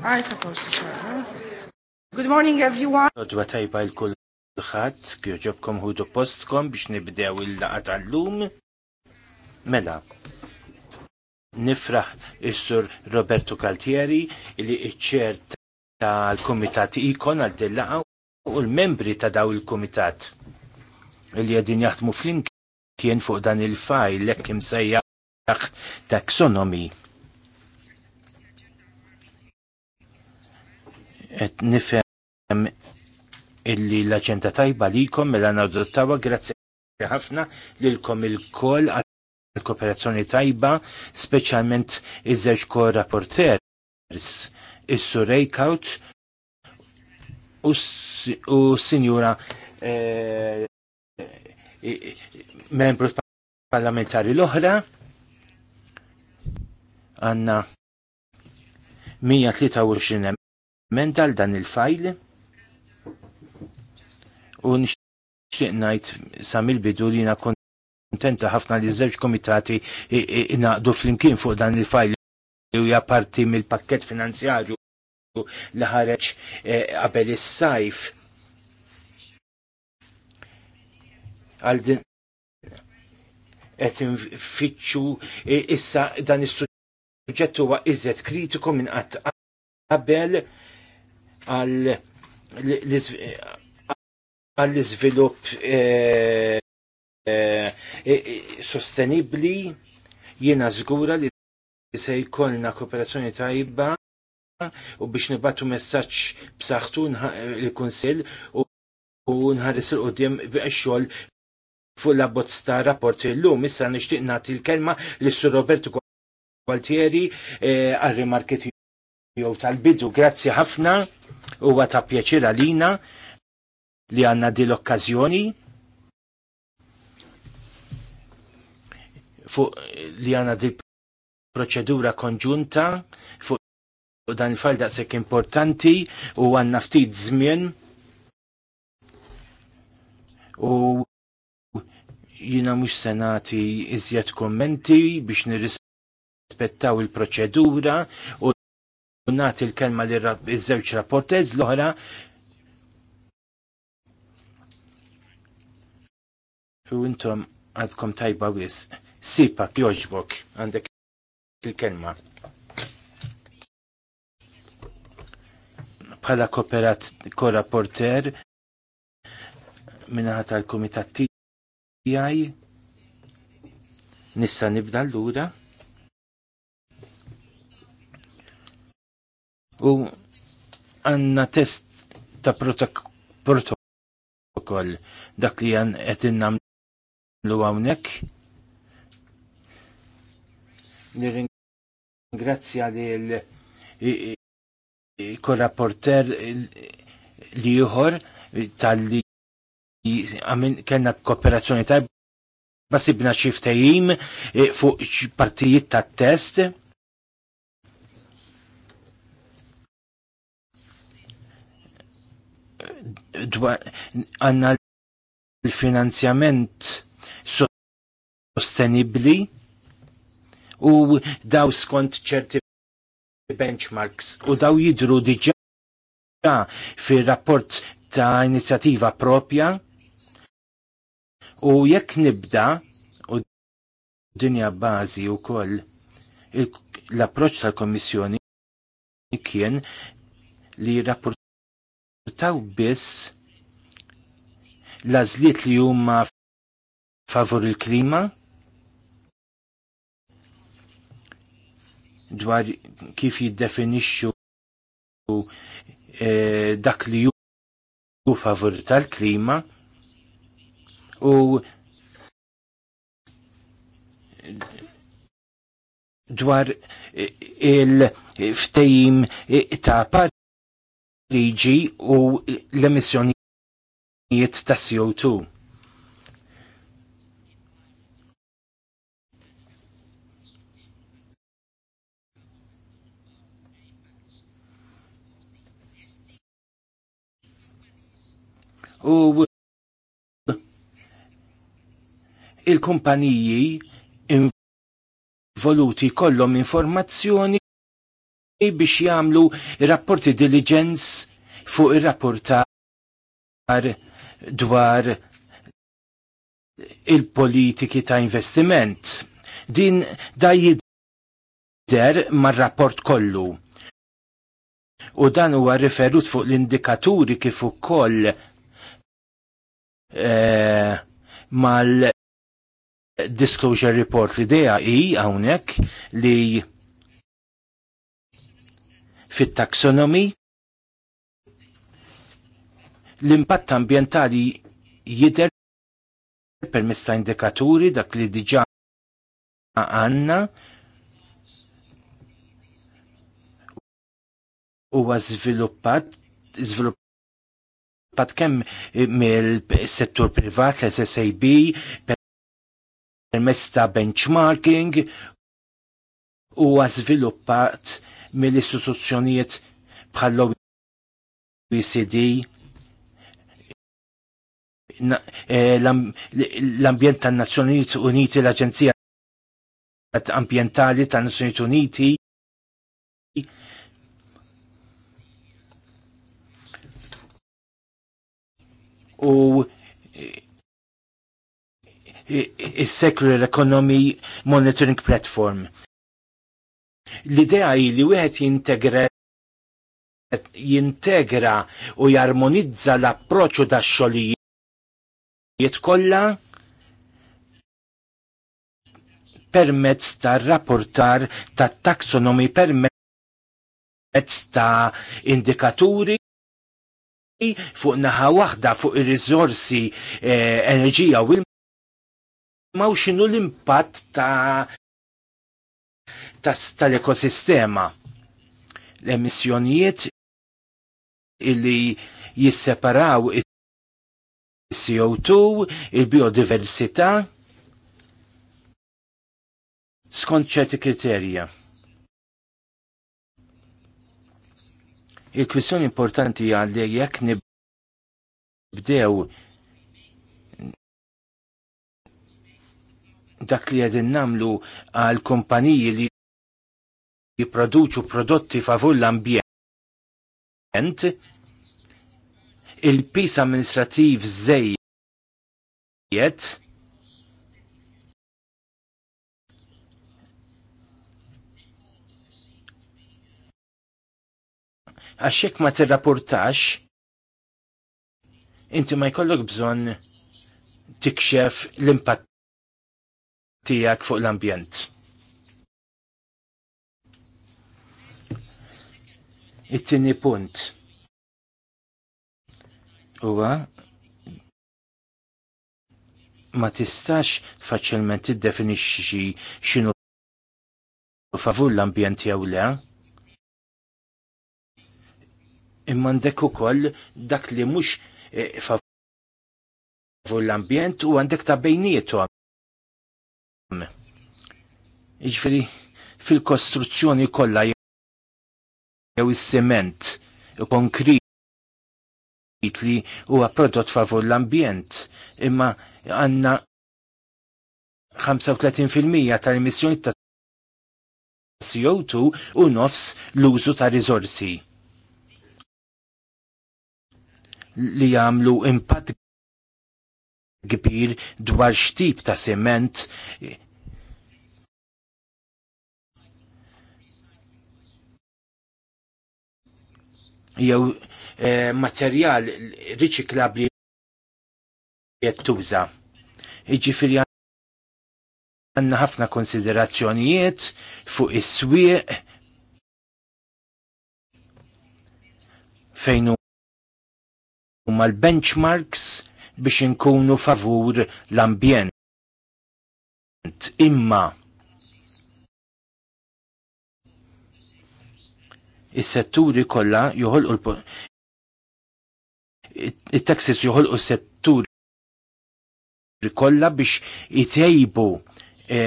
I suppose so. Good morning everyone. Għodwa tajba il hudu postkom biex nibdew il-laqa tal-lum. Mela, nifraħ is-sur Roberto Caltieri li iċċer tal-komitat ikon għal dillaqa u l-membri ta' daw il-komitat li għedin jaħdmu flimkien fuq dan il-fajl lekk imsejjaħ taxonomy. Et nifem illi l-aġenda tajba likom mela nadottawa grazzi ħafna lilkom il-koll għal kooperazzjoni tajba, speċjalment iż-żewġ ko-rapporters, is-sur Rejkaut u s-sinjura eh, membru parlamentari l-oħra għanna 123 emenda għal dan il-fajl u nixtieq ngħid bidu li na kontenta ħafna li żewġ komitati naqdu flimkien fuq dan il-fajl li japparti parti mill-pakkett finanzjarju li ħareġ eh, qabel is-sajf għal din qed fitxu e, issa dan is-suġġett huwa iżjed kritiku minn qatt qabel għal għall-iżvilupp e, e, sostenibbli jiena żgura li se jkollna kooperazzjoni tajba u biex nibatu messaġġ b'saħħtu il-Kunsill u nħares il-qudiem biex xogħol fuq la bozza ta' rapport illum issa nixtieq nagħti l-kelma lis sur Roberto Gualtieri eh, għar-rimarki jew tal-bidu. Grazzi ħafna huwa ta' pjaċir għalina li għandna din l-okkażjoni fuq li għandna di proċedura konġunta fuq dan il-fall daqshekk importanti u għandna ftit żmien u jina mux senati iżjed kommenti biex nirrispettaw il-proċedura u nati l-kelma li iż-żewġ rapportez l-oħra u intom għadkom tajba wis. Sipak joġbok għandek il-kelma. Bħala kooperat korrapporter minnaħat tal-komitat jaj nissa nibda l-lura u għanna test ta' protokoll dak li għan għetin namlu għawnek nirringrazzja li l korraporter li juħor tal-li kena kooperazzjoni tajba sibna ċiftajim e, fuq partijiet ta' test. Għanna l-finanzjament sostenibli u daw skont ċerti benchmarks u daw jidru diġa fil-rapport ta' inizjativa propja U jekk nibda u dinja bażi wkoll l-approċċ tal komissjoni kien li rapportaw biss l li huma favur il-klima dwar kif jiddefinixxu eh, dak li ju favur tal-klima u dwar il-ftejim ta' Pariġi u l-emissjonijiet ta' CO2. U il-kumpaniji involuti kollom informazzjoni biex jagħmlu rapporti diligence fuq il rapportar dwar il-politiki ta' investiment. Din da jidder mar-rapport kollu. U dan huwa referut fuq l-indikaturi kif ukoll e, mal disclosure report li deja hi hawnhekk li fit-taxonomy l-impatt ambjentali jidher permezz ta' indikaturi dak li diġà għandna huwa żviluppat żviluppat kem mill-settur privat l-SSAB permezz ta' benchmarking huwa żviluppat mill-istituzzjonijiet bħal OECD eh, l-ambjent tan nazzjonijiet Uniti l-Aġenzija Ambjentali tan nazzjonijiet Uniti u secular Economy Monitoring Platform. L-idea hi li wieħed jintegra jintegra u jarmonizza l-approċċu da xogħlijiet kollha permezz tar-rapportar tat-taxonomi permezz ta' indikaturi fuq naħa waħda fuq ir-riżorsi eh, enerġija u il ma' xinu l-impatt ta' tal-ekosistema. L-emissjonijiet illi jisseparaw il-CO2, il-biodiversità, skont ċerti kriterja. Il-kwissjoni importanti għalli jekk nibdew dak li għedin namlu għal kompaniji li jiproduċu prodotti favur l-ambjent, il-pis amministrativ zejjed għaxek ma t-rapportax, inti ma jkollok bżon tikxef l-impatt tijak fuq l-ambjent. It-tieni punt huwa ma tistax faċilment tiddefinixxi xinu favur l-ambjent jew le. Imma għandek ukoll dak li mhux eh, favur l-ambjent u għandek ta' bejnietom. Iġveri, fil-kostruzzjoni kollha jew is-sement konkrit li huwa prodott favur l-ambjent, imma għandna 35% tal-emissjoni ta' CO2 u nofs l-użu ta' rizorsi li jagħmlu impatt kbir dwar xtip ta' sement jew e, materjal riċiklabli jettuża. Iġifiri għanna ħafna konsiderazzjonijiet fuq is-swieq fejn huma l-benchmarks biex inkunu favur l-ambjent. Imma is-setturi kollha joħolqu it-taxis joħolqu s-setturi kollha biex itejbu e,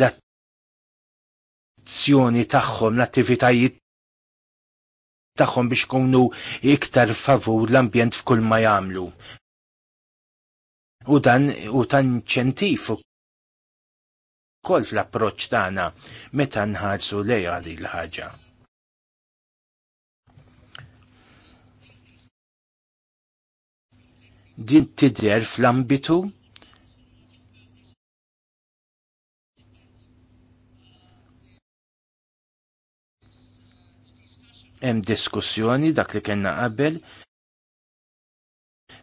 l-azzjoni tagħhom, l-attivitajiet tagħhom biex kunu iktar favur l-ambjent f'kull ma jagħmlu u dan u tan ċentif kol fl-approċċ tagħna meta nħarsu lejha din l-ħaġa. Din tidher fl-ambitu hemm diskussjoni dak li kellna qabel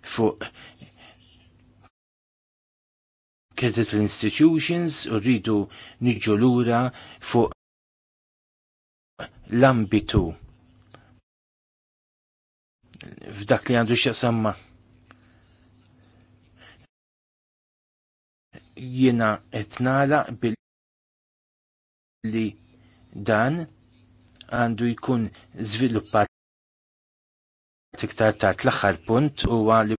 fuq credit institutions u rridu niġu lura fuq l-ambitu f'dak li għandu x'jasamma. Jiena qed billi dan għandu jkun żviluppat iktar tard l-aħħar punt u għalli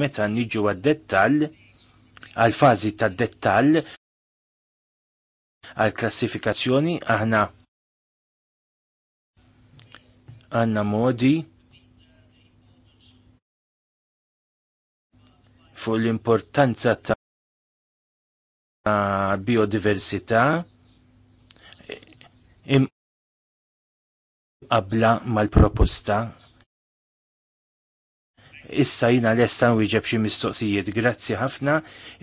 meta niġu għad-dettall għal fażi tad dettall għal klassifikazzjoni aħna għanna modi fuq l-importanza ta' biodiversità imqabla mal-proposta issa jina l estan wieġeb xi mistoqsijiet. Grazzi ħafna.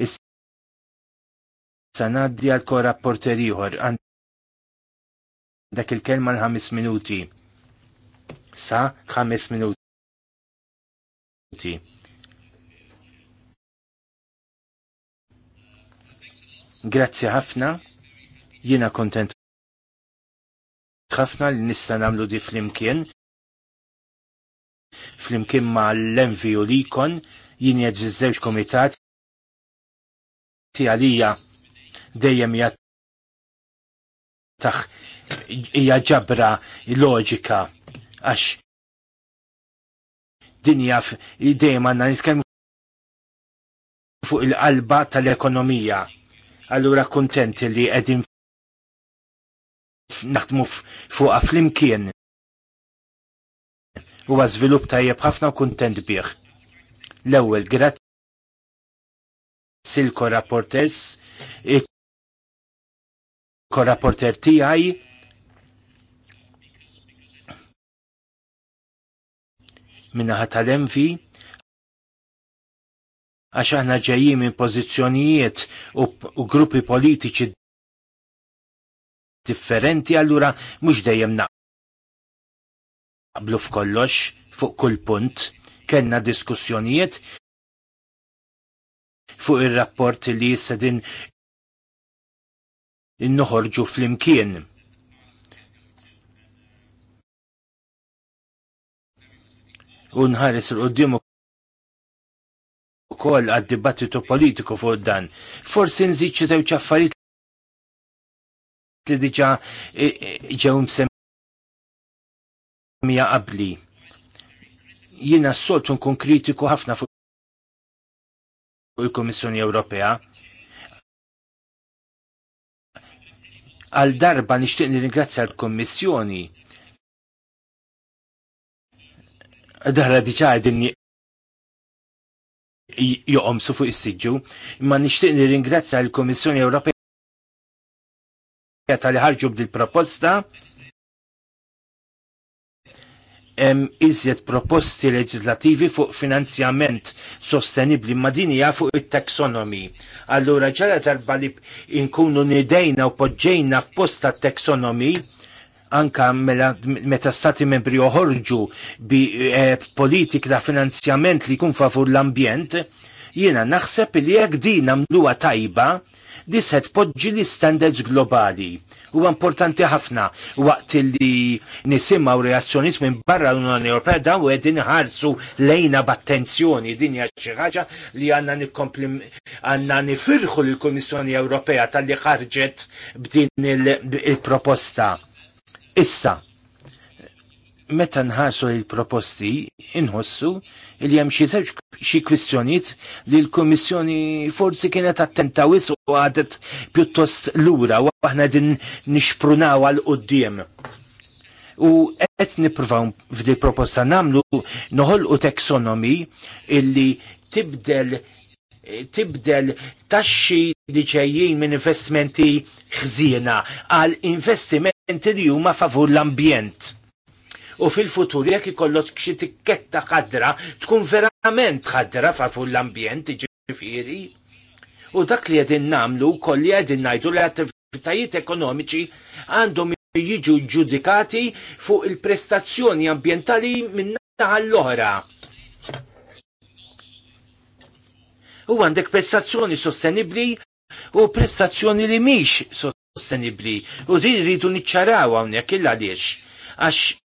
Issa naddi għal kora ieħor dak il-kelma l-ħames minuti. Sa ħames minuti. Grazzi ħafna. Jiena kontent ħafna li nista' nagħmlu di flimkien. Flimkien ma l-Envi u l-Ikon jien jed fiż-żewġ komitat għalija dejjem jattax hija ġabra loġika għax dinja dejjem għandna nitkellmu fuq il-qalba tal-ekonomija. Allura kontenti li qegħdin naħdmu fuq flimkien u żvilupp tajjeb ħafna u kuntent bih. L-ewwel grazzi rapporters, ko-rapporter tiegħi minnaħa tal-envi għax aħna ġejjin minn pożizzjonijiet u, u gruppi politiċi differenti allura mhux dejjem naqqa qablu f'kollox fuq kull punt, kellna diskussjonijiet fuq ir-rapport li jissedin innoħorġu fl-imkien. Unħares l-qoddimu ukoll għad-dibattitu politiku fuq dan. Forsi nżid xi żewġ affarijiet li diġà eh, eh, ġew mija qabli. Jina s soltu nkun kritiku ħafna fuq il-Komissjoni Ewropea. Għal darba nixtieq nirringrazzja l-Kommissjoni. Darra diċa għedinni su fuq is-siġġu, imma nixtieq nirringrazzja l-Komissjoni Ewropea tal-ħarġu bdil proposta iżjed proposti leġislativi fuq finanzjament sostenibli ma din hija fuq it-taxonomy. Allura ġara darba li nkunu nidejna u poġġejna f'posta taxonomy anka mela meta stati membri joħorġu bi eh, politik ta' finanzjament li jkun favur l-ambjent, Jiena naħseb li jekk din nagħmluha tajba, di se tpoġġi li standards globali. U importanti ħafna waqt li nisimgħu reazzjonijiet minn barra l-Unjoni Ewropea dawn qegħdin ħarsu lejna b'attenzjoni din hija xi ħaġa li għandna nikkompli għandna nifirħu lill-Kummissjoni Ewropea tal-li ħarġet b'din il-proposta. Issa, meta nħarsu l proposti inħossu il hemm xi żewġ xi kwistjonijiet li l-Kummissjoni forsi kienet attenta wis u għadet pjuttost lura u aħna din nixprunaw għal qudiem. U qed nippruvaw f'di proposta namlu noħolqu teksonomi illi tibdel tibdel taxxi li ġejjin minn investimenti xżiena għal investimenti li huma favur l-ambjent u fil-futur jekk ikollok xi tikketta ħadra tkun verament ħadra fa' fuq l-ambjent ġifieri. U dak li qegħdin nagħmlu wkoll li qegħdin ngħidu li attivitajiet ekonomiċi għandhom jiġu ġudikati fuq il-prestazzjoni ambientali minn naħa l-oħra. U għandek prestazzjoni sostenibli u prestazzjoni li miex sostenibli. U din rridu niċċaraw hawnhekk il għaliex. Għax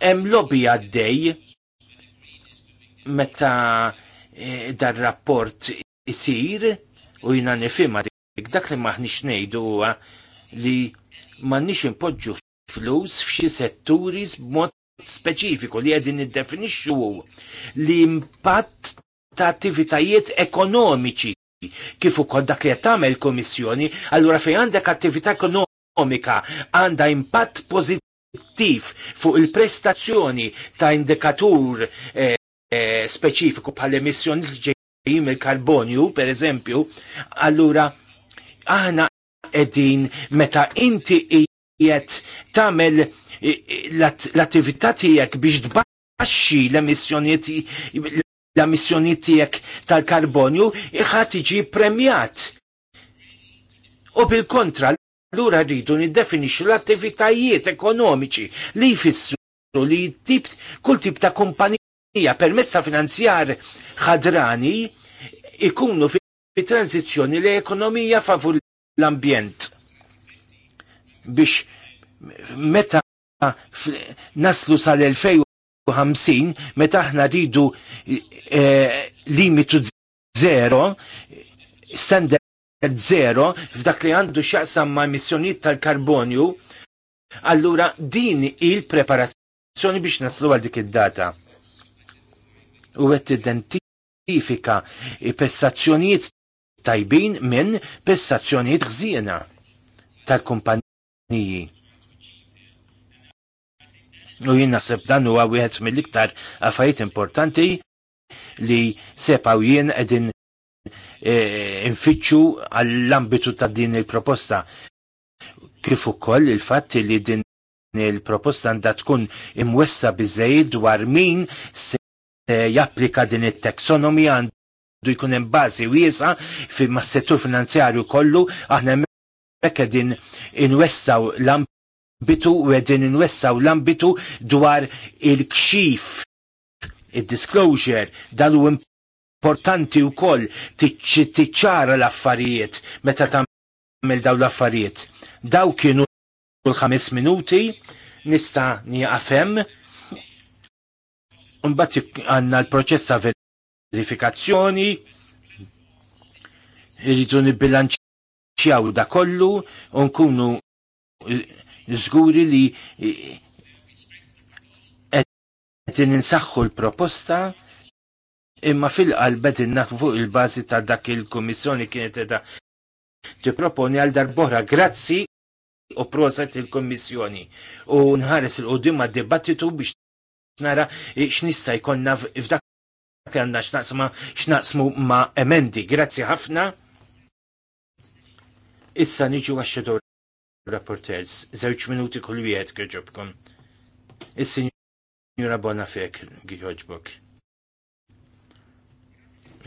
hemm lobby għaddej meta eh, dar rapport isir u jina nifima dik dak li maħnix nejdu li maħnix impoġġu flus f'xi setturi b'mod speċifiku li għedin id-definixxu l-impatt ta' attivitajiet ekonomiċi kif ukoll dak li qed tagħmel kummissjoni, allura fejn għandek attività ekonomika għandha impatt pożittiv tif fuq il-prestazzjoni ta' indikatur eh, eh speċifiku bħal emissjoni ġejjin il-karbonju, per eżempju, allura aħna edin meta inti qiegħed tagħmel eh, l-attività tiegħek biex tbaxxi l-emissjonijiet l-emissjonijiet tiegħek tal-karbonju iħad tiġi premjat. U bil-kontra Lura rridu niddefinixxu l-attivitajiet ekonomiċi li jfissru li tip, kull tip ta' kumpanija permezz ta' finanzjar ħadrani ikunu fi tranzizzjoni li ekonomija favur l-ambjent. Biex meta naslu sal-2050, meta aħna rridu eh, limitu zero, standard zero f'dak li għandu x'jaqsam ma' emissjonijiet tal-karbonju, allura din il-preparazzjoni biex naslu għal dik id-data. U għet identifika prestazzjonijiet tajbin minn prestazzjonijiet ħżiena tal-kumpaniji. U jien naħseb dan huwa wieħed mill-iktar għafajt importanti li sepaw jien qegħdin E, nfittxu għall-ambitu ta' din il-proposta. Kif ukoll il-fatt li din il-proposta għandha tkun imwessa biżejjed dwar min se japplika din it taxonomi għandu jkun hemm bażi wiesa fi mas-settur finanzjarju kollu aħna hemmhekk din inwessaw l-ambitu u qegħdin inwessaw l-ambitu dwar il-kxif il-disclosure dal u importanti wkoll tiċċara l-affarijiet meta tagħmel daw l-affarijiet. Daw kienu l-ħames minuti nista' nieqaf hemm. Mbagħad l-proċess ta' verifikazzjoni, irridu nibbilanċjaw da kollu, u nkunu żguri li qed ninsaħħu l-proposta Imma fil-qalbet innaf fuq il-bazi ta' dak il-Komissjoni kienet edha tiproponi għal darbora grazzi u proset il-Komissjoni u nħares il ma' dibattitu biex nara x'nista' jkollna f'dak għandna x'naqsma x'naqsmu ma' emendi. Grazzi ħafna. Issa niġu għax-xedur rapporters, żewġ minuti kull wieħed kieġobkom. Is-Sinjura Bonafek, għiġobok.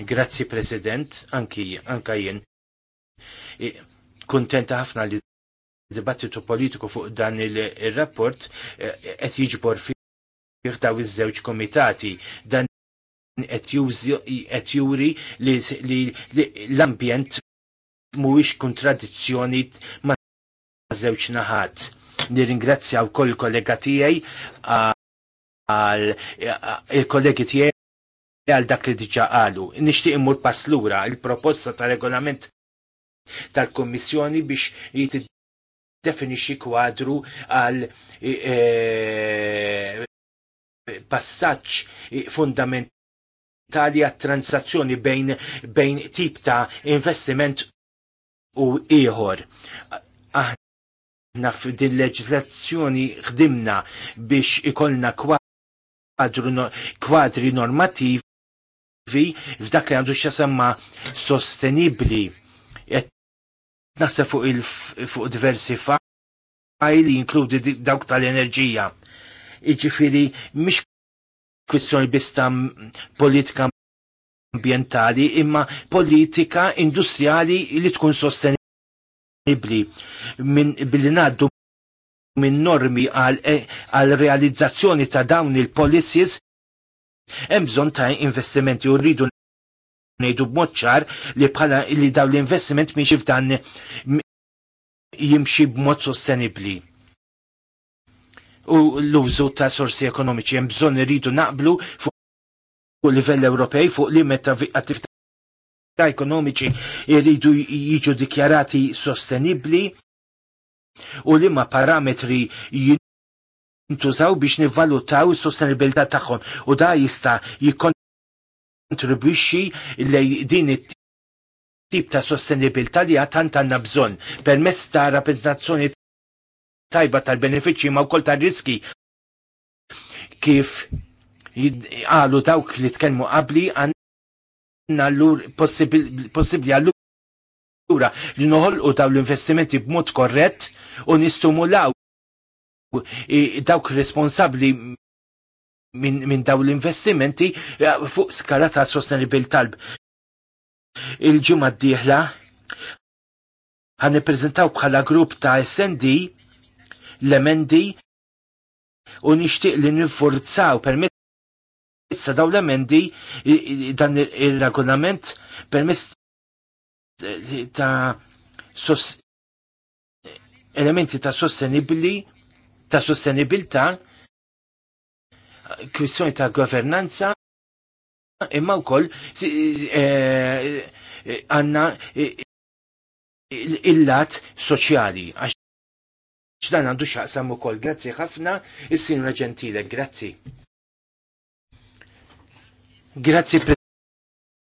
Grazzi President, anki anka jien. Kuntenta ħafna li dibattitu politiku fuq dan il-rapport e, qed jiġbor fih daw iż-żewġ komitati. Dan qed juri li l-ambjent mhuwiex kontradizzjoni ma' żewġ naħat. Nirringrazzja wkoll kollega tiegħi għal il-kollegi tiegħi E għal dak li diġa qalu. Nixtieq immur pass lura il-proposta ta' regolament tal-Kommissjoni biex jit definixi kwadru għal e, e passaċ fundamentali għat transazzjoni bejn, bejn tip ta' investiment u ieħor. Aħna f'din leġislazzjoni ħdimna biex ikollna kwadru kwadri normativi vi f'dak li għandu xasemma sostenibli naħseb fuq, il, fuq diversi faj li jinkludi dawk tal-enerġija. Iġifiri, mish kwistjoni bista politika ambientali, imma politika industrijali li tkun sostenibli minn billi naddu minn normi eh, għal realizzazzjoni ta' dawn il-policies Hemm bżonn ta' investimenti u rridu ngħidu b'mod ċar li bħala li daw l-investiment miex f'dan jimxi b'mod sostenibbli. U l-użu ta' sorsi ekonomiċi hemm bżonn irridu naqblu fuq livell Ewropej fuq li meta attività ekonomiċi jridu jiġu dikjarati sostenibbli u li ma parametri jintużaw biex nivvalutaw is-sostenibilità tagħhom u da jista' jikkontribwixxi lej din it-tip ta' sostenibilità li tant għandna bżonn permezz ta' rappreżentazzjoni tajba tal-benefiċċji ma' wkoll tar-riski kif għalu dawk li tkellmu qabli għandna l-lur possibli għallura li noħolqu daw l-investimenti b'mod korrett u nistumulaw dawk responsabli minn min daw l-investimenti eh, fuq skala ta' talb Il-ġimgħa d-dieħla ħan nippreżentaw bħala grupp ta' SND l-emendi u nixtieq li nifforzaw permezz ta' daw l-emendi dan ir-regolament permess ta' elementi ta' sostenibili ta' sostenibilità, kwistjoni ta' governanza, imma wkoll eh, eh, għandna eh, il-lat soċjali. ċdan għandu xaqsam ukoll. Grazzi ħafna, is sinra ġentile, grazzi. Grazzi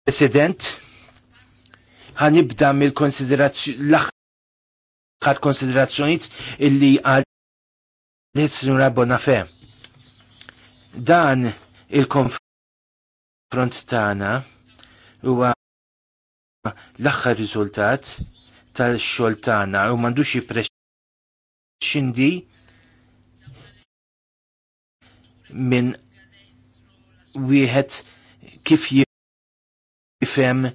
President. Ħanibda mill-konsiderazzjoni l-aħħar konsiderazzjonijiet illi għal li t-sinura Bonafè. Dan il-konfront tana huwa l-axħar riżultat tal-xol tana u mandux jipreċindi minn wieħed kif jifhem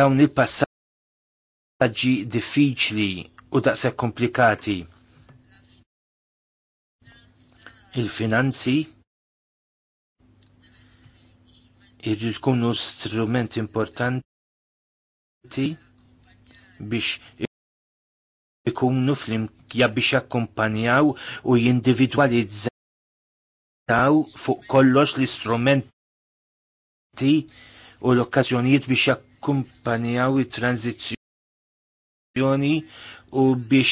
dawn il-passaġġi diffiċli u daqshekk komplikati il-finanzi tkunu strument importanti biex ikunu fl-imkja biex jakkumpanjaw u jindividualizzaw fuq kollox l-istrumenti u l-okkazjonijiet biex jakkumpanjaw it tranzizjoni u biex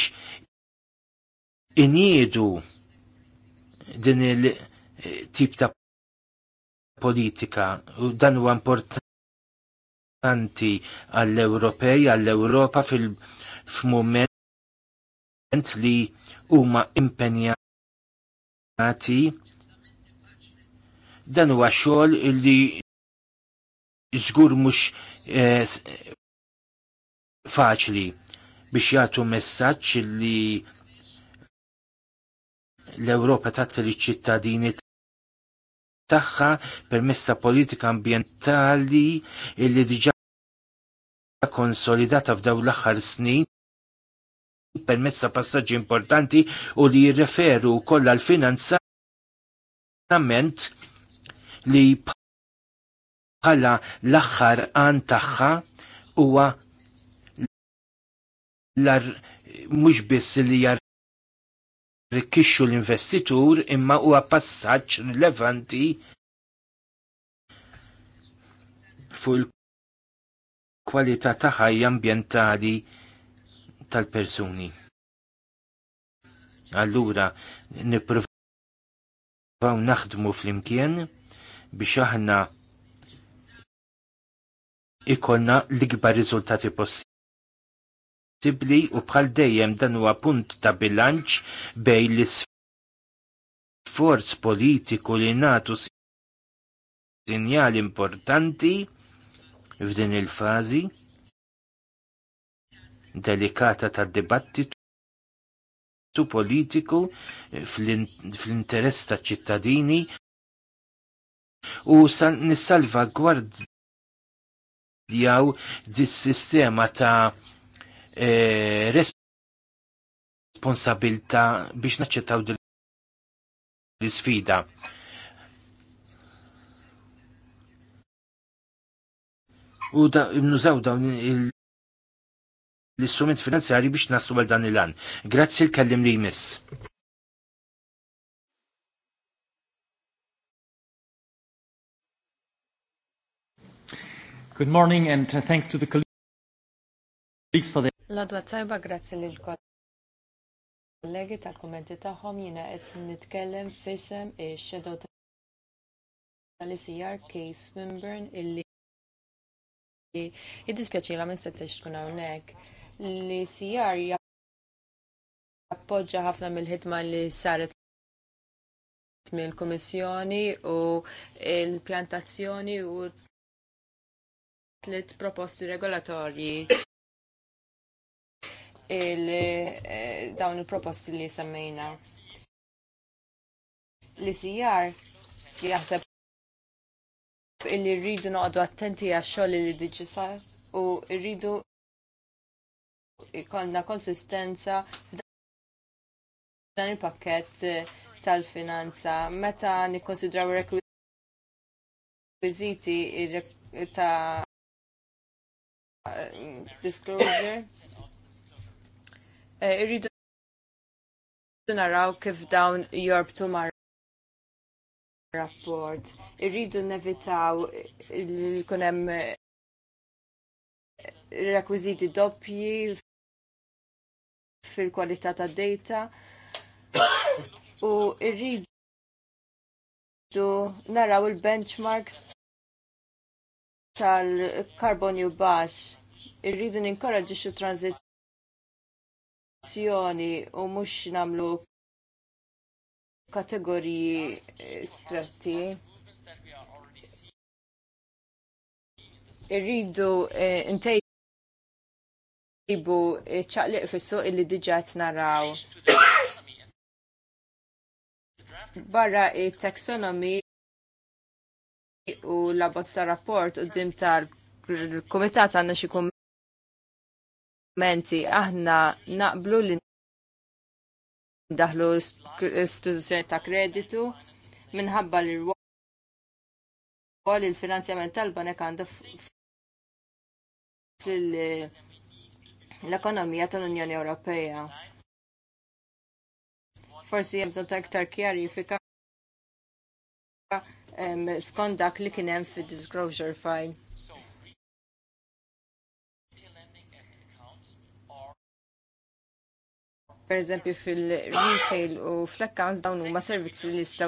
iniedu din il-tip eh, ta' politika u dan huwa importanti għall-Ewropej, għall-Ewropa fil-moment li huma impenjati dan huwa xogħol li żgur mhux eh, faċli biex jagħtu messaġġ li l-Ewropa tat liċ-ċittadini tagħha permessa ta' politika ambjentali illi diġà konsolidata f'daw l-aħħar snin permezz passaġġi importanti u li jirreferu wkoll għal finanzament li bħala l-aħħar għan tagħha huwa mhux biss li jar rikkixxu l-investitur imma huwa passaġġ rilevanti fuq il-kwalità ta' ħajja ambjentali tal-persuni. Allura nippruvaw naħdmu fl-imkien biex aħna ikollna l-ikbar riżultati possibbli tibli u bħal dejjem dan huwa punt ta' bilanċ bejn l-isforz politiku li nagħtu sinjal importanti f'din il-fażi delikata tad-dibattitu politiku fl-interess taċ ċittadini u nissalvagwardjaw dis-sistema ta' E, responsabilta biex naċċettaw l-sfida. U da, nużaw dawn l-istrument finanzjari biex naslu għal dan il-an. Grazzi l-kellim li jmiss. Good morning and thanks to the L-għadwa tajba grazzi li l-kollegi tal-kommenti taħħom jina qed nitkellem fisem il-xedot tal-ICR Case Swinburne illi jiddispjaċila minn settex tkun hawnhekk. L-ICR jappoġġa ħafna mill-ħidma li saret mill-Kummissjoni u l-pjantazzjoni u tliet proposti regolatorji il eh, dawn il-proposti li semmejna. L-ICR li jaħseb illi rridu noqdu attenti għax-xogħol li diġisa u rridu ikonna konsistenza dan il-pakket eh, tal-finanza. Meta nikkonsidraw rekwiżiti ta' disclosure Eh, irridu naraw kif dawn jorbtu mar rapport. Irridu nevitaw l-kunem eh, rekwiziti doppji fil-kwalità ta' data u irridu naraw il-benchmarks tal-karbonju baxx. Irridu ninkoraġġixxu transit azzjoni u mhux nagħmlu kategoriji eh, stretti. Irridu eh, ntejbu eh, ċaqliq fissu illi diġà qed naraw. Barra il taxonomi u la bossa rapport u dim tal-komitat għandna xi menti aħna naqblu li daħlu istituzzjoni ta' kreditu minħabba li rwol il-finanzjament tal-banek għandu fil-ekonomija tal-Unjoni Ewropea. Forsi jemżu ta' iktar kjarifika skont dak li kienem fil-disclosure file. pereżempju fil-retail u fl-accounts dawn huma servizzi li jistgħu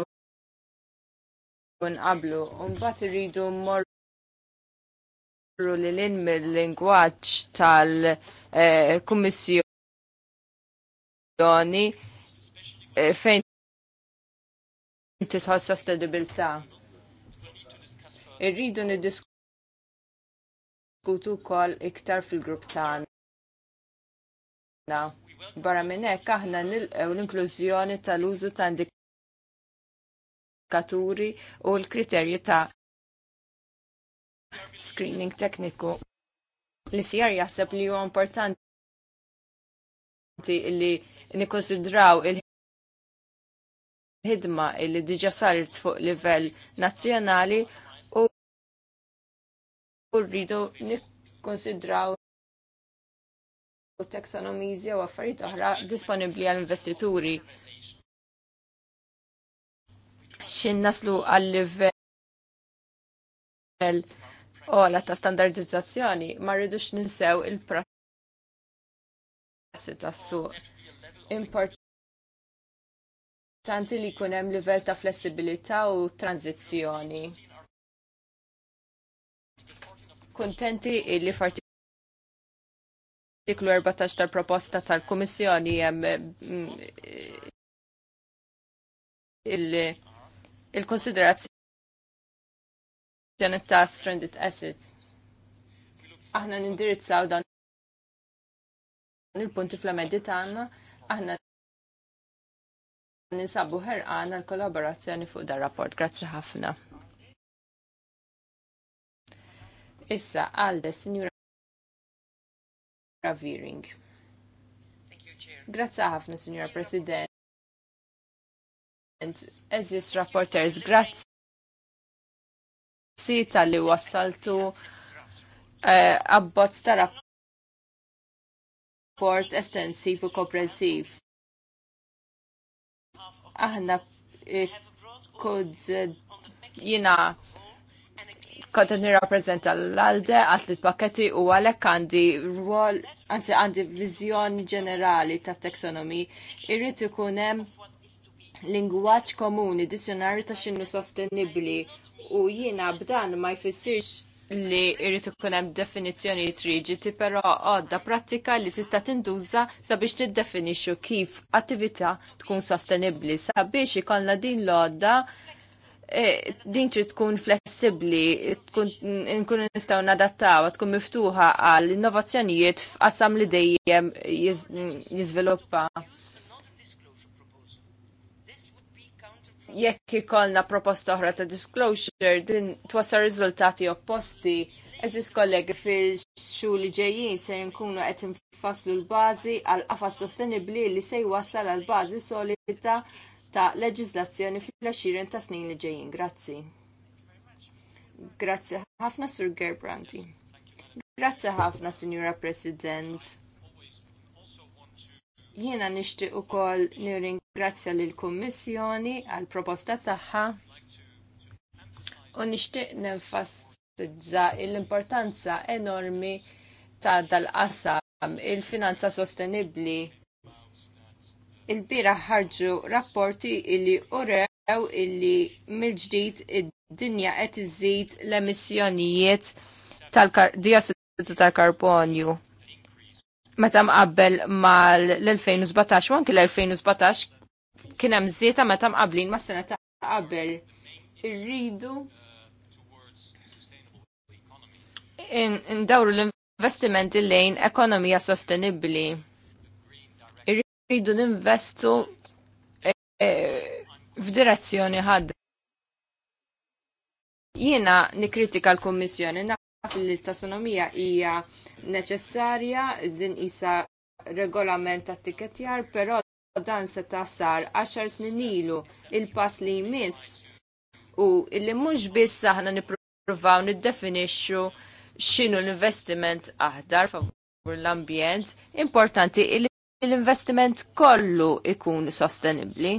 nqablu. U mbagħad irridu morru lil in mill-lingwaġġ tal-kummissjoni eh, fejn titħol sostenibilità. Irridu niddiskutu wkoll iktar fil-grupp tagħna. Barra minn hekk aħna nilqgħu l-inklużjoni tal-użu ta' indikaturi u l-kriterji ta' screening tekniku. L-ICR jaħseb li huwa importanti li nikkonsidraw il- ħidma li diġa saret fuq livell nazzjonali u rridu nikonsidraw u taxonomizja u affarijiet oħra disponibbli għall investituri X'in naslu għal livell ola ta' standardizzazzjoni ma rridux ninsew il-prassi tas su Importanti li jkun hemm livell ta' flessibilità u tranzizzjoni. Kuntenti li farti artiklu 14 tal-proposta tal-Kummissjoni hemm mm, il-konsiderazzjoni ta' stranded assets. Aħna nindirizzaw dan il-punti fl-ameddi tagħna, aħna ninsabu ħerqan l-kollaborazzjoni fuq dar rapport. Grazzi ħafna. Issa, għalde, signora Ravviring. Grazzi ħafna, Signora President. Eżis rapporters, grazzi tal-li wassaltu eh, abbozz ta' rapport estensiv u komprensiv. Aħna eh, kod jina kont nirrappreżenta l-alde għatlit paketti u għalhekk għandi rwol anzi għandi viżjoni ġenerali ta' teksonomi. Irrid ikun hemm lingwaġġ komuni, dizzjonari ta' x'inhu sostenibbli u jiena b'dan ma jfissirx li irrit ikun hemm definizzjoni triġiti, però għodda prattika li tista' tinduża sabiex niddefinixxu kif attività tkun sostenibbli sabiex ikollna din l-għodda E, din trid tkun flessibbli, tkun nkun nistgħu nadattaw, tkun miftuħa għal innovazzjonijiet f'qasam li dejjem jiżviluppa. Jekk ikollna proposta oħra ta' disclosure, din twassal riżultati opposti. Eżis kollegi fil-xu li ġejjin se nkunu qed infasslu l-bażi għal qafas sostenibbli li se jwassal għal bażi solita ta' leġizlazzjoni fil-20 ta' snin li ġejjin. Grazzi. Grazzi ħafna Sur Gerbranti. Grazzi ħafna Signora President. Jiena nixtieq ukoll nirringrazzja lil kummissjoni għal proposta tagħha u nixtieq nenfasizza l-importanza enormi ta' dal-qasam il-finanza sostenibbli il-bira ħarġu rapporti illi urew illi mill-ġdid id-dinja qed iżid l-emissjonijiet tal-diossidu tal-karbonju. Meta mqabbel mal-2017 u l-2017 kien hemm żieta meta mqablin mas-sena ta' qabel. Irridu ndawru l-investimenti lejn ekonomija sostenibbli rridu ninvestu e, e, f'direzzjoni ħadd. Jiena nikritika l-Kummissjoni naf li t tassonomija hija neċessarja din isa regolament ta' tiketjar, però dan se tasar 10 snin ilu il-pass li jmiss u illi mhux biss aħna nippruvaw niddefinixxu x'inhu l-investiment aħdar favur l-ambjent, importanti illi l-investiment kollu ikun sostenibli.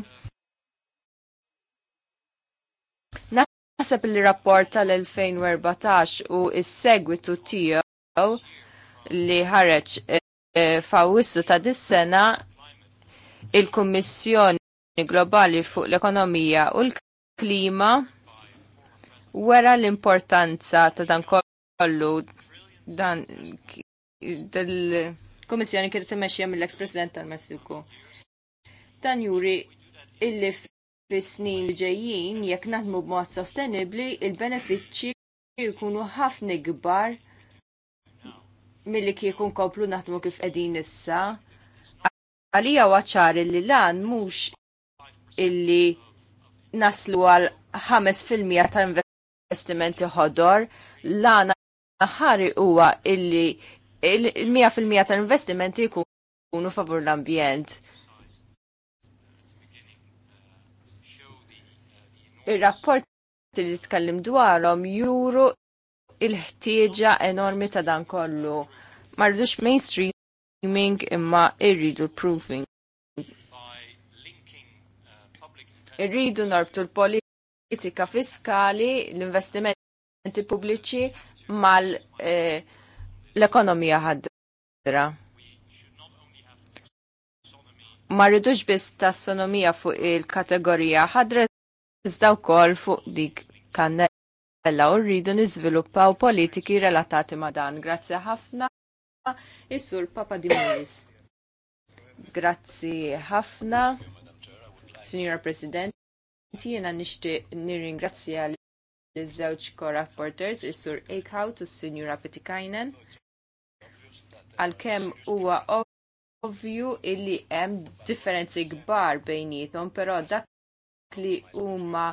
Naħseb il-rapport tal-2014 u s-segwitu tiegħu li ħareġ eh, fawissu ta' dis-sena il-Kummissjoni Globali fuq l-Ekonomija u l-Klima wera l-importanza ta' dan kollu dan Komissjoni kienet immexxija mill-ex-President tal-Messiku. Dan juri illi fis-snin li ġejjin jekk naħdmu b'mod sostenibbli il-benefiċċji jkunu ħafna kbar milli kieku nkomplu naħdmu kif qegħdin issa. Għalija waċċar li lan mhux illi naslu għal 5% ta' investimenti ħodor, lana ħari huwa illi il-100% tal-investimenti jkunu favur l-ambjent. Ir-rapport li tkellim dwarhom juru il-ħtieġa enormi ta' dan kollu. Marridux mainstreaming imma irridu l-proofing. Irridu norbtu l-politika fiskali, l-investimenti pubbliċi mal- eh, l-ekonomija ħadra. Ma rridux biss tassonomija fuq il-kategorija ħadra iżda wkoll fuq dik kannella u rridu niżviluppaw politiki relatati ma' dan. Grazzi ħafna is-sur Papa Dimulis. Grazzi ħafna, Signora President. Jiena nixtieq nirringrazzja l-żewġ co-rapporters, is-sur Eichhout u s-Sinjura Petikajnen għalkemm huwa ovvju illi hemm differenzi kbar bejnietom, però dak li huma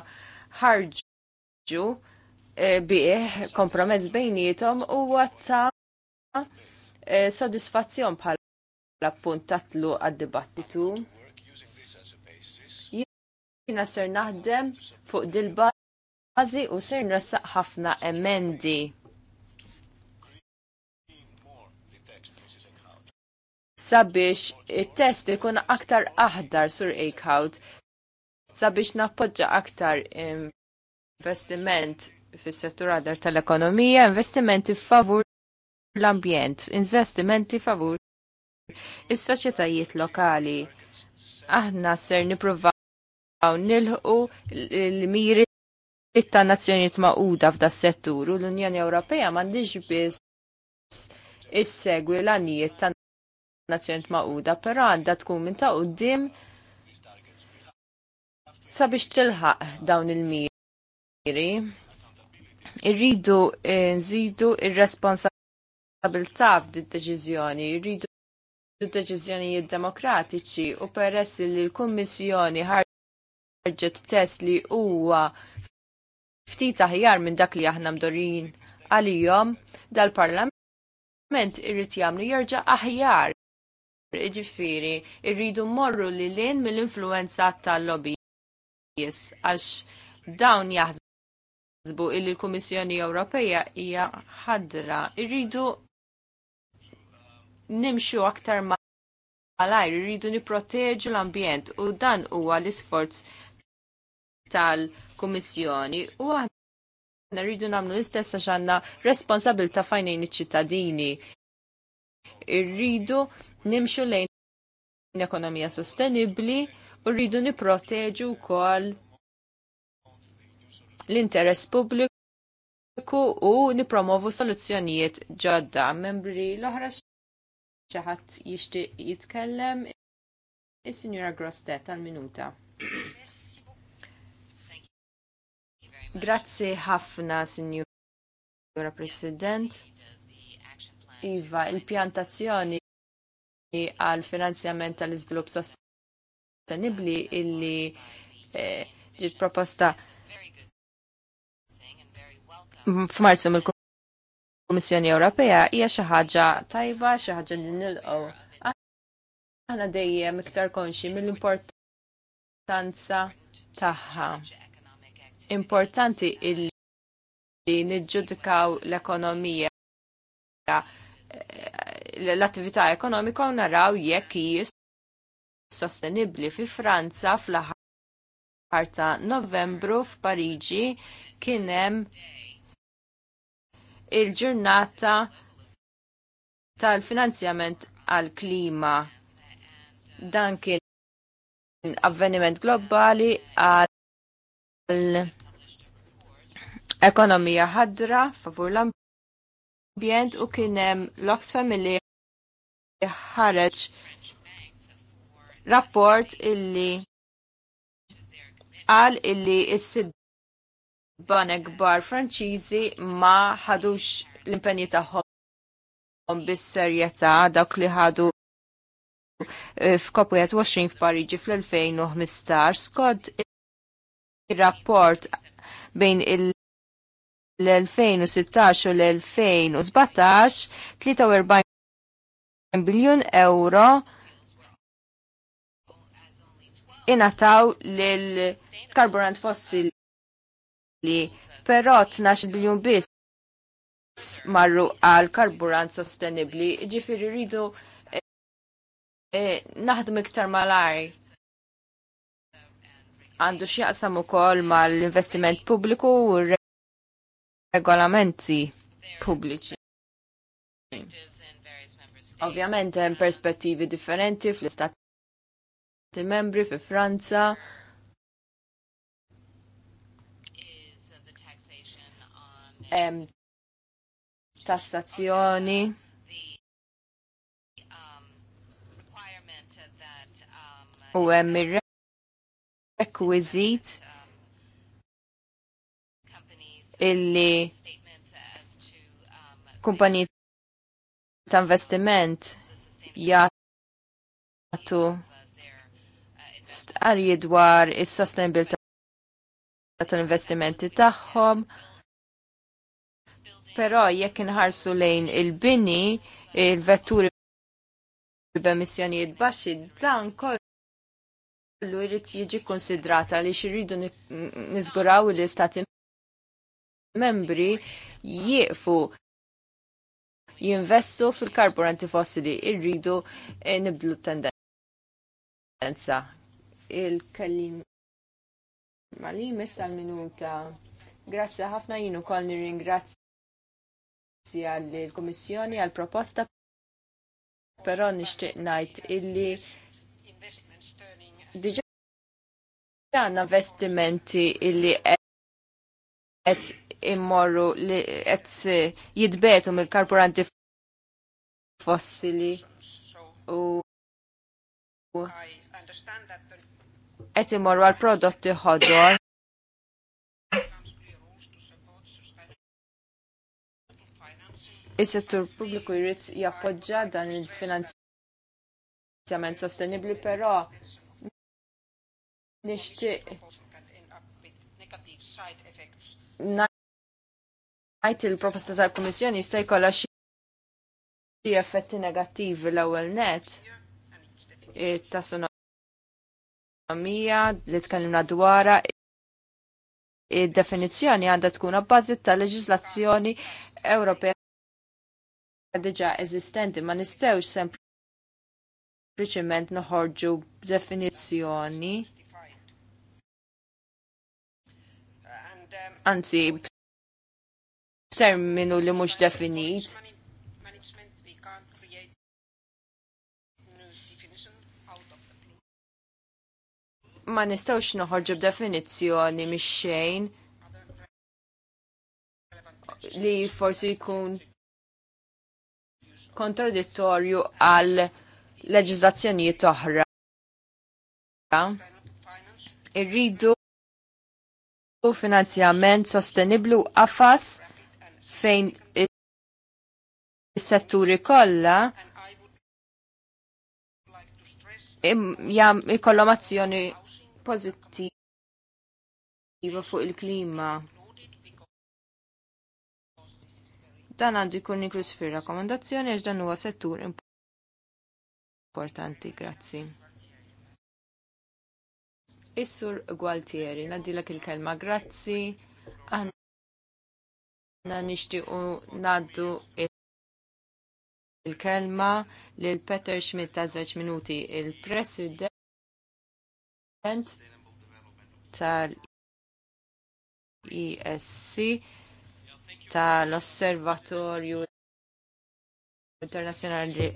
ħarġu bieħ eh, bih kompromess bejnietom huwa ta' eh, sodisfazzjon bħal appunt tatlu għad-dibattitu. Jina ser naħdem fuq dil-bazi u ser nressaq ħafna emendi. sabiex il test ikun aktar aħdar sur Eichhout sabiex nappoġġa aktar investiment fis settur għadar tal-ekonomija, investimenti favur l-ambjent, investimenti favur is-soċjetajiet lokali. Aħna ser niprovaw nilħu l-miri ta' nazzjonijiet maquda f'da settur u l-Unjoni Ewropea m'għandix biss issegwi l-għanijiet ta' nazzjoniet maquda, però għandha tkun minn ta' qudiem sabiex tilħaq dawn il-miri. Irridu eh, nżidu ir-responsabilità f'din deċiżjoni, irridu deċiżjonijiet demokratiċi u peress li l-Kummissjoni ħarġet test li huwa ftit aħjar minn dak li aħna mdorin għalihom dal-Parlament irrid jagħmlu jerġa' aħjar Ġifiri, irridu morru li lin mill-influenza tal-lobbies għax dawn jahzbu illi l-Kummissjoni Ewropeja hija ħadra. Irridu nimxu aktar malajr, irridu niproteġu l-ambjent u dan huwa l-isforz tal-Kummissjoni u aħna rridu nagħmlu l-istess għax għandna ta' fajnejn iċ-ċittadini. Irridu nimxu lejn ekonomija sostenibbli u rridu niproteġu wkoll l-interess pubbliku u nipromovu soluzzjonijiet ġodda. Membri l-oħra xaħat jixtieq jitkellem is signora Grostet tal minuta Grazzi ħafna, Signora President. Iva, il-pjantazzjoni għal finanzjament tal-iżvilupp sostenibbli illi eh, ġiet proposta f'Marzu mill-Kummissjoni Ewropea hija xi ħaġa tajba, xi ħaġa li nilqgħu. Aħna dejjem iktar konxi mill-importanza tagħha. Importanti illi li l-ekonomija eh, l-attività ekonomika u naraw jekk hi sostenibbli fi Franza fl-aħħar ta' Novembru f'Pariġi kien hemm il-ġurnata tal-finanzjament għal-klima. Dan kien avveniment globali għal ekonomija ħadra favur l ambjent u kien hemm Family oxfam ħareġ rapport illi qal illi s-sid banek bar franċiżi ma ħadux l-impenji tagħhom bis-serjetà dawk li ħadu eh, f'Kop 20 f'Pariġi fl-2015 skont ir-rapport bejn il- l-2016 u l-2017 43 biljun euro inataw l-karburant fossili però 12 biljun biss marru għal karburant sostenibli, ġifiri rridu eh, naħdmu iktar malaj. Għandu xjaqsam ukoll mal-investiment pubbliku u regolamenti pubbliċi. Ovvjament hemm perspettivi differenti fl-istati membri fi Franza. Hemm tassazzjoni. U hemm ir-rekwiżit illi kumpani ta' investiment jgħatu stqarji dwar is sostenibilta tal-investimenti tagħhom. Però jekk inħarsu lejn il-bini, il-vetturi b'emissjonijiet baxxi, dan kollu jrid jiġi konsidrata li xirridu niżguraw l-istati membri jieqfu jinvestu fil-karburanti fossili irridu eh, nibdlu tendenza. Il-kellim mali missa l-minuta. Grazzi ħafna jinu kol nirringrazzja l-Komissjoni għal-proposta, pero nishtiq najt illi diġa għanna vestimenti illi għet immorru li qed jidbetu mill-karburanti fossili u qed immorru għal prodotti ħodor. Is-settur pubbliku jrid jappoġġja dan il-finanzjament sostenibli, però nixtieq għajt il-proposta tal-Komissjoni jista' jkollha xi effetti negattivi l-ewwel net it-tassonomija li tkellimna dwarha id-definizzjoni għandha tkun abbażi tal leġislazzjoni Ewropea diġa eżistenti ma nistgħux sempliċement noħorġu b'definizzjoni anzi b'terminu li mhux definit. Ma nistgħux noħorġu b'definizzjoni mix-xejn li forsi jkun kontradittorju għal leġizlazzjonijiet oħra. Irridu finanzjament sosteniblu għafas fejn is-setturi kollha jam ikollhom azzjoni pożittiva fuq il-klima. Dan għandu jkun inkluż fir-rakkomandazzjoni għax dan huwa settur importanti, grazzi. Is-sur Gualtieri, nadilak il-kelma, grazzi aħna nixtiequ naddu il-kelma lil Peter Schmidt ta' żewġ minuti, il-President tal-ESC tal-Osservatorju Internazjonali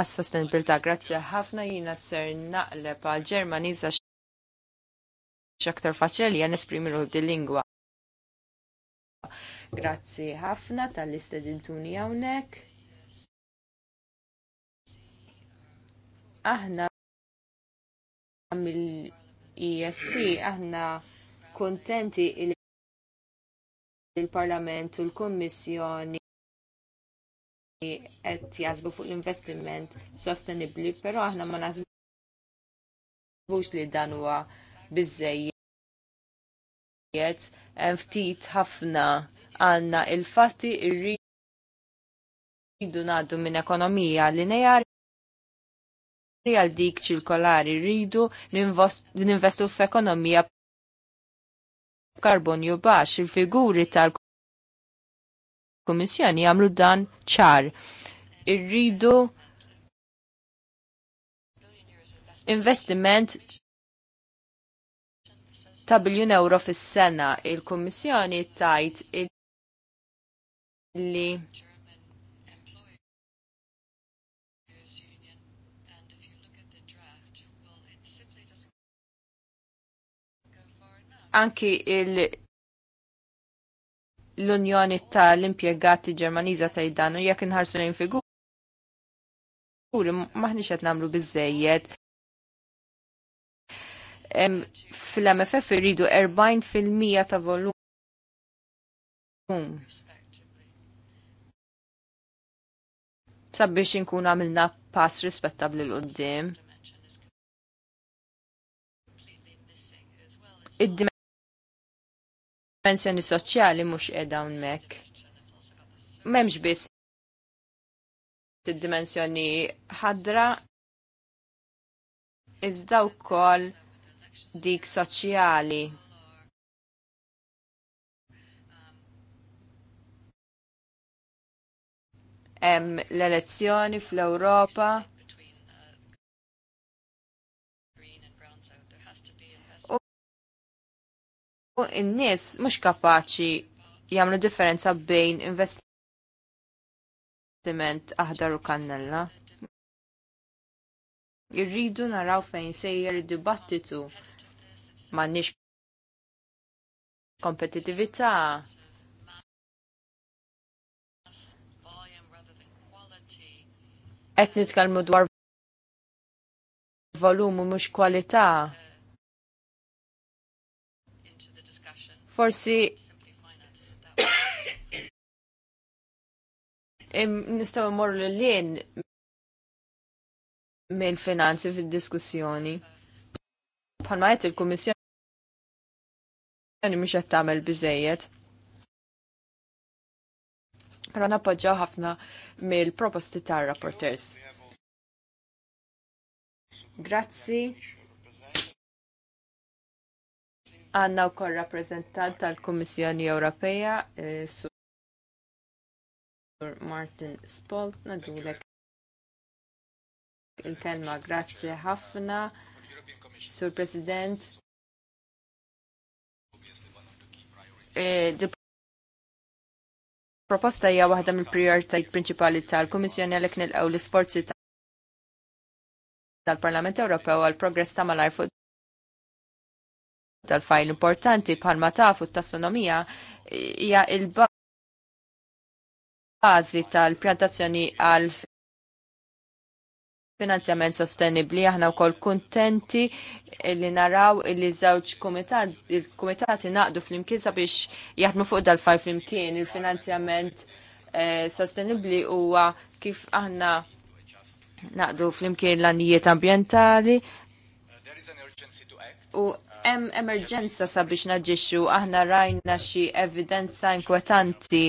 għas-sostenibilità. Grazzi ħafna jina ser naqleb għal Ġermaniza xaktar faċel jen esprimi l-lingwa. Grazzi ħafna tal-istedintuni hawnhekk. Aħna mill-ESC aħna kontenti il parlament u l-Kommissjoni qed jazbu fuq l-investiment sostenibbli, però aħna ma nasbux li dan huwa biżejjed jiet ftit ħafna għanna il-fatti irridu naddu minn ekonomija lineari għal dik ċirkolari rridu ninvestu f'ekonomija karbonju baxx il-figuri tal-Kummissjoni għamlu dan ċar. Irridu investiment ta' biljun euro fis-sena. Il-Kummissjoni tajt li anki il l-Unjoni tal-impjegati Ġermaniża ta' id u jekk inħarsu lejn figur maħniex qed nagħmlu biżejjed fil-MFF rridu 40% ta' volum. Sabiex inkun għamilna pass rispettabli l-qoddim. Id-dimensjoni soċjali mux edha unmek. Memx biss id-dimensjoni ħadra iżda wkoll dik soċjali. Hemm l-elezzjoni fl-Ewropa. U n-nies mhux kapaċi jagħmlu differenza bejn investiment aħdar u kannella. Irridu naraw fejn sejjer id-dibattitu m'għandniex kompetitività. Qed nitkellmu dwar volum u mhux kwalità. Forsi nistgħu mmorru lil mill-finanzi fil diskussjoni Bħalma qed il-Kummissjoni l-Unjoni mhux qed tagħmel biżejjed. Però nappoġġaw ħafna mill-proposti tar-rapporters. Grazzi. Għanna u kor rappresentant tal-Kommissjoni Ewropea, eh, Sur Martin Spolt, nadulek il-kelma. Grazzi ħafna, Sur President, Eh, proposta hija waħda mill prijoritajiet prinċipali tal-Kummissjoni għalhekk nilqgħu l-isforzi tal-Parlament Ewropew għal progress ta' malajr fuq tal-fajl importanti bħalma u t-tassonomija eh, hija il-bażi tal-pjantazzjoni għal finanzjament sostenibli. Aħna wkoll kuntenti li naraw li żewġ kumitati naqdu fl-imkien sabiex jaħdmu fuq dal faj fl-imkien il-finanzjament eh, sostenibli huwa kif aħna naqdu fl-imkien l-anijiet ambientali. U hemm emerġenza sabiex naġixxu aħna rajna xi evidenza inkwetanti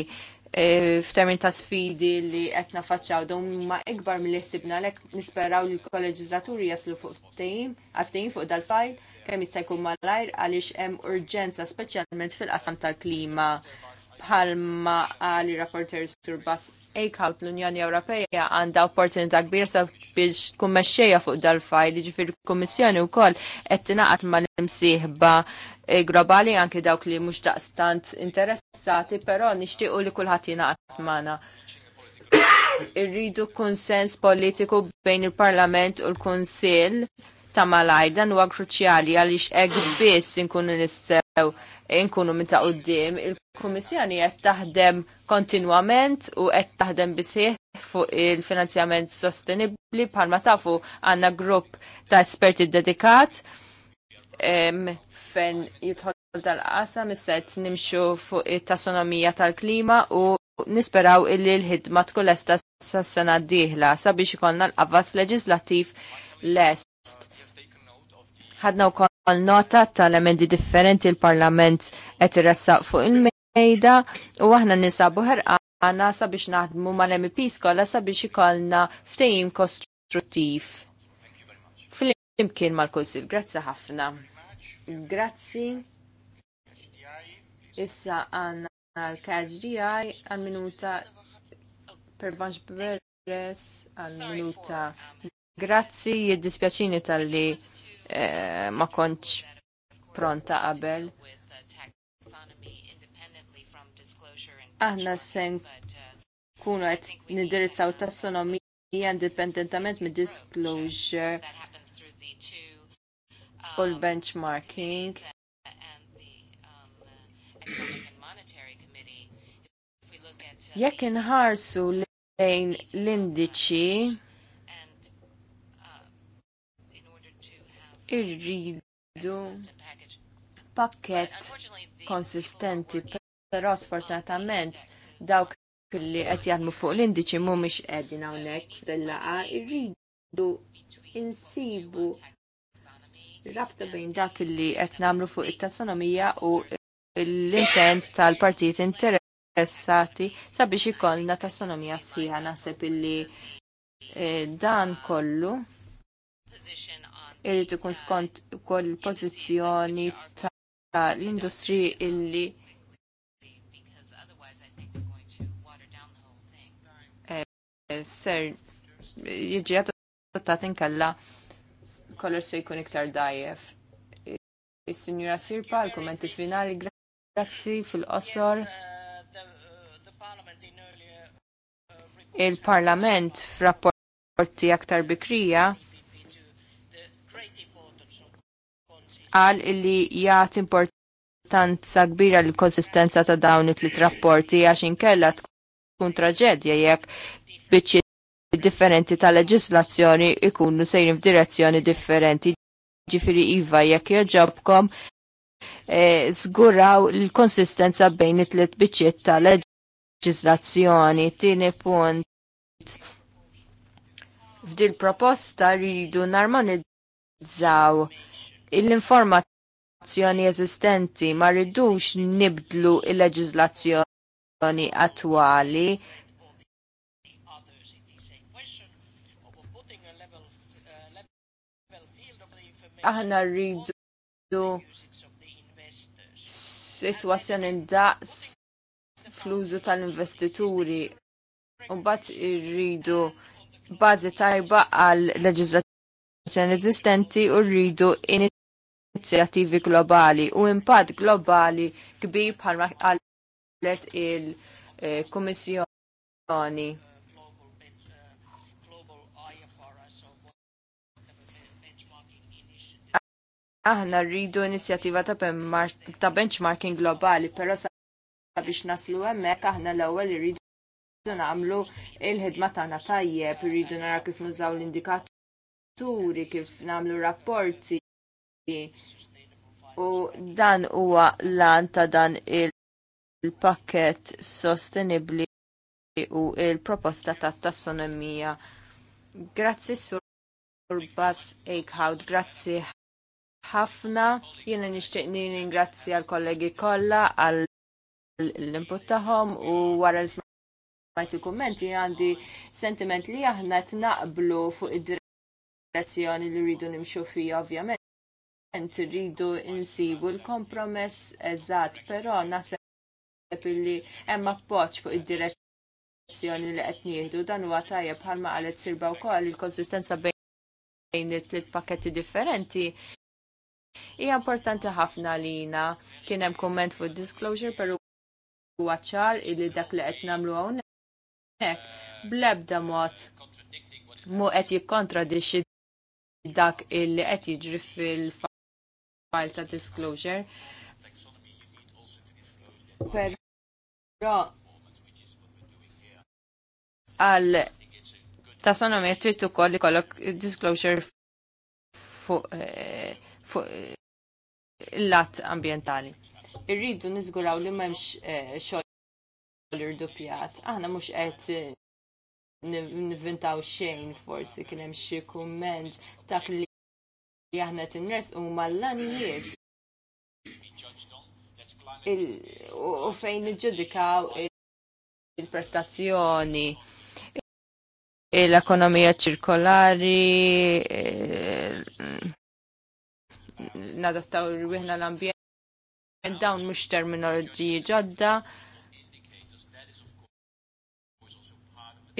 E, f'termin ta' sfidi li qed faċċaw dawn huma ikbar milli ħsibna lek nisperaw li l-kolleġizzaturi jaslu fuq tejn għaftejn fuq dal-fajl kemm jista' jkun malajr għaliex hemm urġenza speċjalment fil-qasam tal-klima bħalma għali rapporter sur bas Eichhout l-Unjoni Ewropea għandha opportunità kbir sa biex tkun fuq dal-fajl, ġifier kummissjoni kummissjoni wkoll qed għatma mal-imsieħba Eh, globali anki dawk li mhux daqstant interessati, però nixtiequ li kulħadd jingħaqad magħna. Irridu konsens politiku bejn il-Parlament u l-Kunsill ta' Malajda dan huwa kruċjali għaliex hekk biss inkunu nistgħu inkunu minn ta' qudiem il-Kummissjoni qed taħdem kontinwament u qed taħdem bisih fuq il-finanzjament sostenibbli bħalma tafu għandna grupp ta' esperti dedikat fejn jidħol tal-qasam s set nimxu fuq it-tassonomija tal-klima u nisperaw illi l-ħidma tkun lesta sas-sena d-dieħla sabiex ikollna l leġislativ leġislattiv lest. Ħadna wkoll nota tal-emendi differenti l-Parlament qed irressaq fuq il-mejda u aħna ninsabu ħerqana sabiex naħdmu mal-MPs kollha sabiex ikollna ftehim kostruttiv fl-imkien mal-Kunsil. Grazzi ħafna. Grazzi. Issa għanna l-KGI għal-minuta pervanx beres għal-minuta. Grazzi, jiddispjaċini tal-li eh, ma konċ pronta qabel. Aħna sen kunu għet nidirizzaw tassonomija indipendentament mid-disclosure u l-benchmarking. Jekk inħarsu lejn l-indiċi irridu pakket konsistenti, però sfortunatament dawk li qed jaħdmu fuq l-indiċi mhumiex qegħdin hawnhekk fil laqgħa irridu insibu rabta bejn dak li qed nagħmlu fuq it-tassonomija u l-intent tal-partijiet interessati sabiex ikollna tassonomija sħiħa naħseb illi eh, dan kollu irrid ikun skont ukoll pożizzjoni ta' l-industri illi eh, ser jiġi adottat inkella kollox se jkun iktar dajjef. Is-Sinjura Sirpa, l-kommenti finali, grazzi fil-qosor. Il-Parlament f'rapporti aktar bikrija qal illi jagħti importanza kbira l konsistenza ta' dawn it-tliet rapporti għax inkella tkun traġedja jekk biċċi differenti ta' leġislazzjoni ikunu sejrin f'direzzjoni differenti. Ġifiri Iva, jekk joġobkom, e, zguraw l-konsistenza bejn it-tliet biċiet ta' leġislazzjoni. Tieni punt. F'dil proposta rridu narmonizzaw l-informazzjoni eżistenti ma rridux nibdlu il-leġislazzjoni attwali aħna rridu situazzjoni daqs fl-użu tal-investituri u bat rridu bazi tajba għal leġizlazzjoni eżistenti u rridu inizjattivi globali u impatt globali kbir bħal għalet il-Kummissjoni. aħna rridu inizjattiva ta' benchmarking globali, però sabiex naslu hemmhekk aħna l-ewwel rridu nagħmlu il-ħidma tagħna tajjeb, irridu nara kif nużaw l-indikaturi, kif nagħmlu rapporti. U dan huwa lan ta' dan il-pakket sostenibli u il-proposta ta' tassonomija. Grazzi sur Bas Eichhout, grazzi ħafna. Jiena nixtieq ningrazzja l-kollegi kollha għall l-input tagħhom u wara l smajt il-kummenti għandi sentiment li aħna qed naqblu fuq id-direzzjoni li rridu nimxu fija ovvjament. Rridu insibu l-kompromess eżatt, però naħseb li hemm appoġġ fuq id-direzzjoni li qed nieħdu dan huwa tajjeb bħalma qalet sirba wkoll il-konsistenza bejn it-tliet pakketti differenti Hija importanti ħafna li jina kienem komment fu disclosure per huwa ċar illi dak li qed nagħmlu hawnhekk blebda mot mu qed jikkontradixxi dak illi għet jiġri fil-file ta' disclosure. Però għal ta' tasonometri tu kolli kollok disclosure fuq eh, fuq eh, il-lat ambientali. Irridu niżguraw li m'hemmx eh, xogħol irdupjat. Aħna mhux qed eh, nivvintaw xejn forsi kien hemm xi kumment li li aħna nres u mal-lanijiet u fejn iġġudikaw il-prestazzjoni l-ekonomija ċirkolari, nadattaw rwihna l-ambjent dawn mhux terminoloġiji ġodda.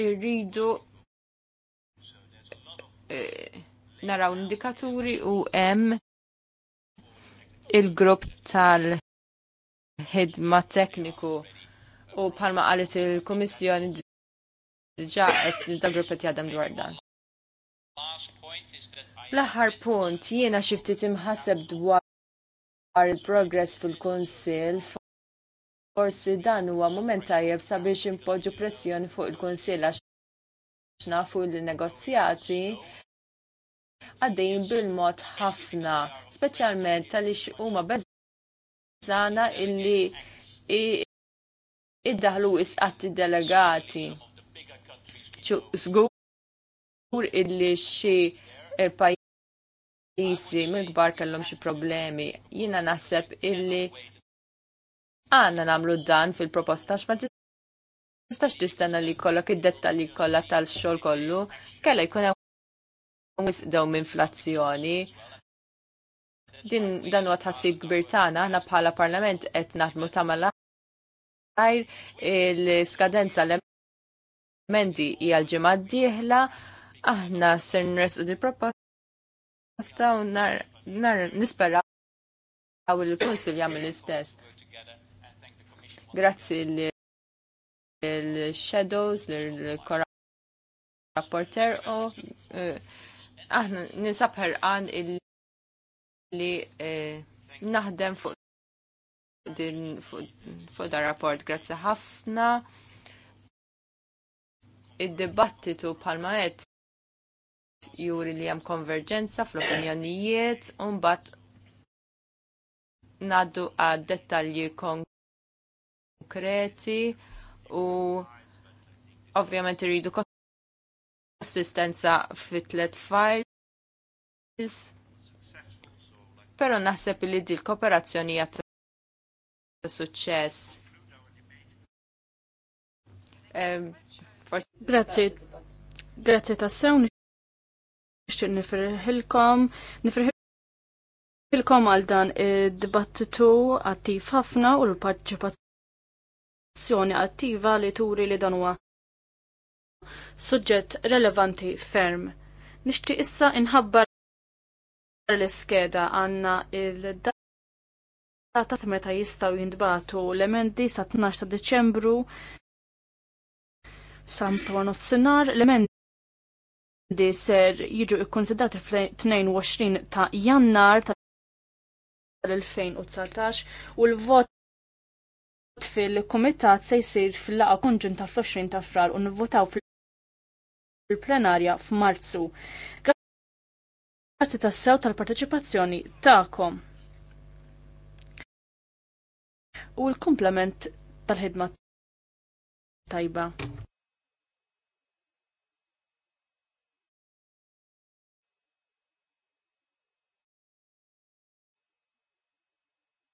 Irridu eh, naraw indikaturi u hemm il-grupp tal-ħidma tekniku u bħalma qalet il-Kummissjoni diġà qed nidabru qed dwar dan. L-aħħar punt jiena xi ftit imħasseb dwar il-progress fil-Kunsill forsi dan huwa mument tajjeb sabiex impoġġu pressjoni fuq il-Kunsill għax nafu l-negozjati għaddejjin bil-mod ħafna, speċjalment għaliex huma bezzana illi iddaħlu isqatti delegati. Sgur illi xie il-pajjiżi mill-kbar kellhom xi problemi. Jiena naħseb illi għandna nagħmlu dan fil-proposta x'ma tistax tistenna li kollok id-dettalji kollha tal-xogħol kollu, kellha jkun hemm wisdew inflazzjoni. Din dan huwa tħassib kbir tagħna aħna bħala Parlament qed naħdmu tagħmel il-skadenza l-emendi hija l-ġimgħa d-dieħla Aħna ser nresu di proposta u nar għaw il-Kunsil jagħmel il test. Grazzi l-Shadows, l-Kora rapporter u eh, aħna għan il li naħdem fuq din fuq da rapport grazzi ħafna id-dibattitu palma qed juri li hemm konverġenza fl-opinjonijiet u mbagħad ngħaddu għad dettalji konkreti u ovvjament iridu konsistenza fit-tlet files. Però naħseb li di l-kooperazzjoni għat suċċess. Grazie. Ehm, Grazie tassew nixtieq nifirħilkom, għal dan id-dibattitu attiv ħafna u l-parċipazzjoni attiva li turi li dan huwa suġġett relevanti ferm. Nixtieq issa inħabbar l-iskeda għandna il data meta jistaw jindbatu l-emendi sa' 12 ta' Deċembru sa' mstawar nofsinar l-emendi di ser jiġu ikkonsidrati fl-22 ta' jannar tal-2019 u l-vot fil-komitat se jsir fil-laqa konġunta fl-20 ta' frar u nivvotaw fil-plenarja f'Marzu. Grazzi tas-sew tal-parteċipazzjoni tagħkom. U l-komplement tal-ħidma tajba.